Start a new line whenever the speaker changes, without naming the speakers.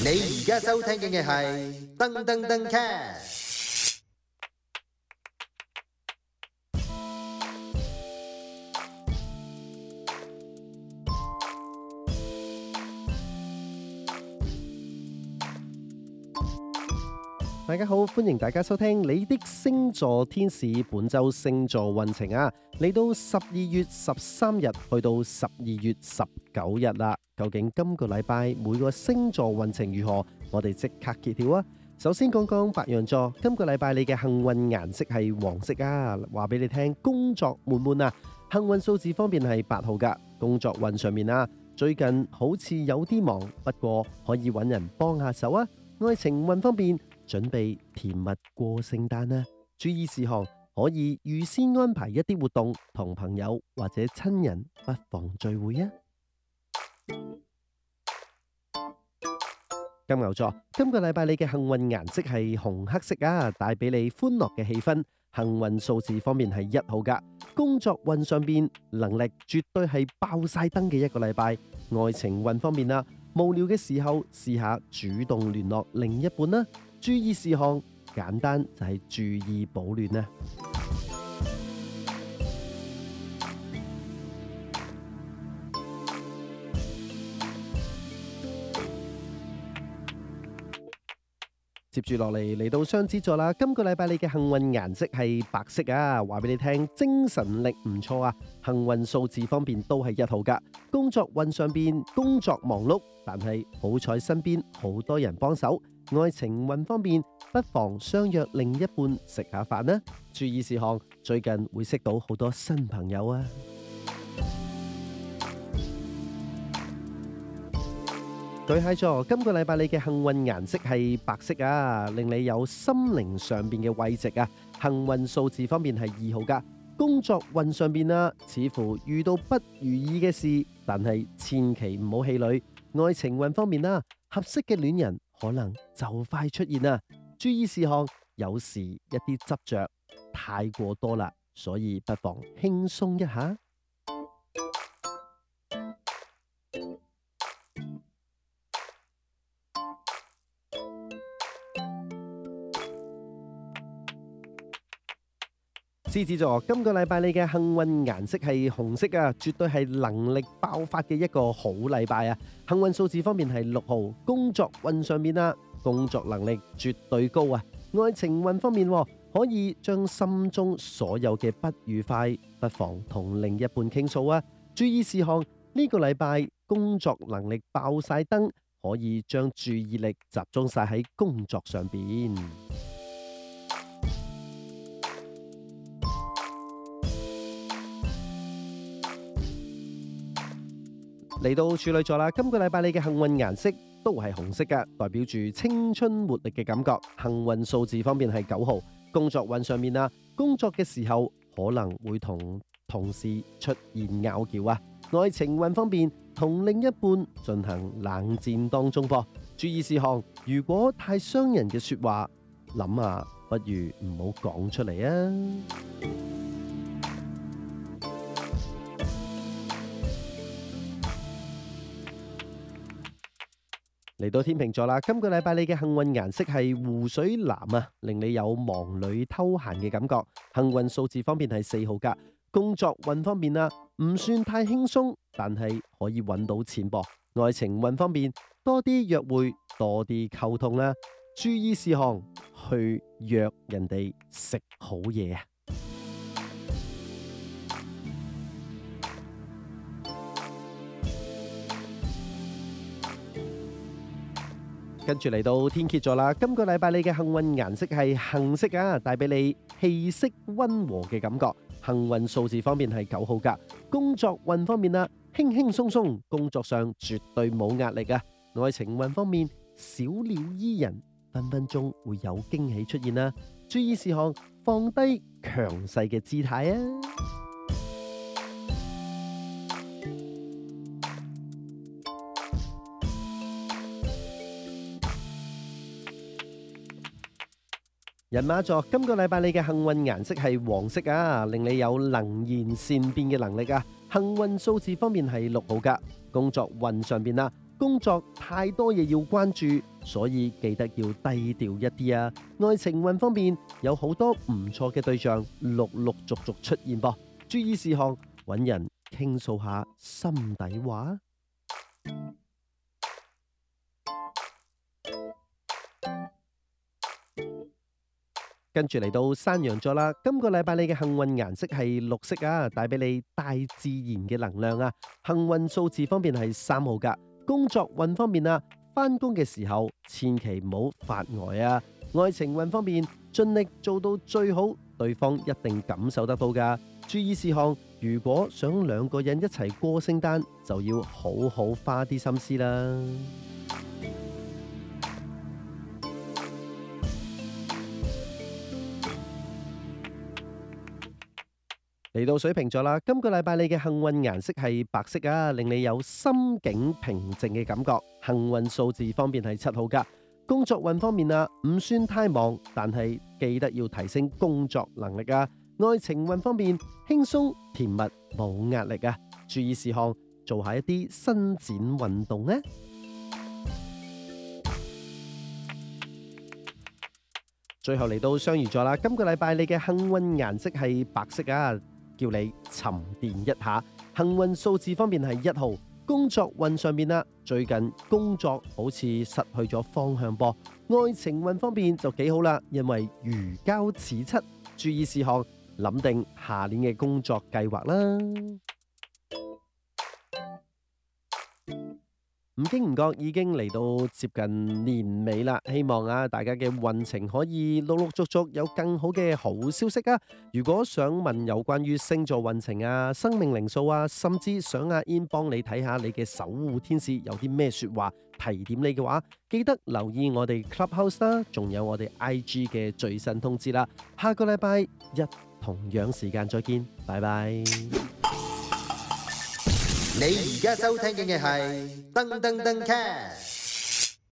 你而家收聽嘅係噔噔噔 cat 大家好，歡迎大家收聽你的星座天使本周星座運程啊，嚟到十二月十三日去到十二月十九日啦。究竟今個禮拜每個星座運程如何？我哋即刻揭曉啊！首先講講白羊座，今個禮拜你嘅幸運顏色係黃色啊，話俾你聽，工作滿滿啊，幸運數字方面係八號噶，工作運上面啊，最近好似有啲忙，不過可以揾人幫下手啊，愛情運方面。準備甜蜜過聖誕啦！注意事項可以預先安排一啲活動，同朋友或者親人不妨聚會啊。金牛座今個禮拜你嘅幸運顏色係紅黑色啊，帶俾你歡樂嘅氣氛。幸運數字方面係一號㗎，工作運上邊能力絕對係爆晒燈嘅一個禮拜。愛情運方面啊，無聊嘅時候試下主動聯絡另一半啦。注意事項簡單就係注意保暖啦。接住落嚟嚟到雙子座啦，今個禮拜你嘅幸運顏色係白色啊！話俾你聽，精神力唔錯啊，幸運數字方面都係一號㗎。工作運上邊工作忙碌，但係好彩身邊好多人幫手。愛情運方面，不妨相約另一半食下飯啦。注意事項，最近會識到好多新朋友啊！巨蟹 座，今個禮拜你嘅幸運顏色係白色啊，令你有心靈上邊嘅慰藉啊。幸運數字方面係二號噶。工作運上邊啊，似乎遇到不如意嘅事，但係千祈唔好氣餒。愛情運方面啦、啊。合適嘅戀人可能就快出現喇！注意事項，有時一啲執着，太過多喇，所以不妨輕鬆一下。獅子座，今個禮拜你嘅幸運顏色係紅色啊，絕對係能力爆發嘅一個好禮拜啊！幸運數字方面係六號，工作運上面啦，工作能力絕對高啊！愛情運方面，可以將心中所有嘅不愉快不妨同另一半傾訴啊！注意事項：呢個禮拜工作能力爆晒燈，可以將注意力集中晒喺工作上邊。嚟到處女座啦，今個禮拜你嘅幸運顏色都係紅色㗎，代表住青春活力嘅感覺。幸運數字方面係九號，工作運上面啊，工作嘅時候可能會同同事出現拗撬啊。愛情運方面，同另一半進行冷戰當中噃。注意事項，如果太傷人嘅說話，諗下不如唔好講出嚟啊。嚟到天秤座啦，今個禮拜你嘅幸運顏色係湖水藍啊，令你有忙裏偷閒嘅感覺。幸運數字方面係四號㗎，工作運方面啦、啊，唔算太輕鬆，但係可以揾到錢噃、啊。愛情運方面，多啲約會，多啲溝通啦、啊。注意事項，去約人哋食好嘢啊！跟住嚟到天蠍座啦，今個禮拜你嘅幸運顏色係杏色啊，帶俾你氣息溫和嘅感覺。幸運數字方面係九號噶，工作運方面啊，輕輕鬆鬆，工作上絕對冇壓力啊。愛情運方面，小鳥依人，分分鐘會有驚喜出現啦。注意事項，放低強勢嘅姿態啊。人馬座，今個禮拜你嘅幸運顏色係黃色啊，令你有能言善辯嘅能力啊。幸運數字方面係六號㗎，工作運上邊啊，工作太多嘢要關注，所以記得要低調一啲啊。愛情運方面有好多唔錯嘅對象，陸陸續續出現噃。注意事項，揾人傾訴下心底話。跟住嚟到山羊座啦，今個禮拜你嘅幸運顏色係綠色啊，帶俾你大自然嘅能量啊。幸運數字方面係三號噶，工作運方面啊，翻工嘅時候千祈唔好發呆、呃、啊。愛情運方面，盡力做到最好，對方一定感受得到噶。注意事項，如果想兩個人一齊過聖誕，就要好好花啲心思啦。嚟到水瓶座啦，今個禮拜你嘅幸運顏色係白色啊，令你有心境平靜嘅感覺。幸運數字方面係七號噶，工作運方面啊，唔算太忙，但係記得要提升工作能力啊。愛情運方面輕鬆甜蜜，冇壓力啊。注意事項，做下一啲伸展運動呢、啊。最後嚟到雙魚座啦，今個禮拜你嘅幸運顏色係白色啊。叫你沉澱一下，幸運數字方面係一號。工作運上面啦，最近工作好似失去咗方向噃。愛情運方面就幾好啦，因為如膠似漆。注意事項，諗定下年嘅工作計劃啦。唔經唔覺已經嚟到接近年尾啦，希望啊大家嘅運程可以陸陸續續有更好嘅好消息啊！如果想問有關於星座運程啊、生命靈數啊，甚至想阿 In 幫你睇下你嘅守護天使有啲咩說話提點你嘅話，記得留意我哋 Clubhouse 啦、啊，仲有我哋 IG 嘅最新通知啦、啊。下個禮拜一同樣時間再見，拜拜。你而家收聽嘅係燈登登 cast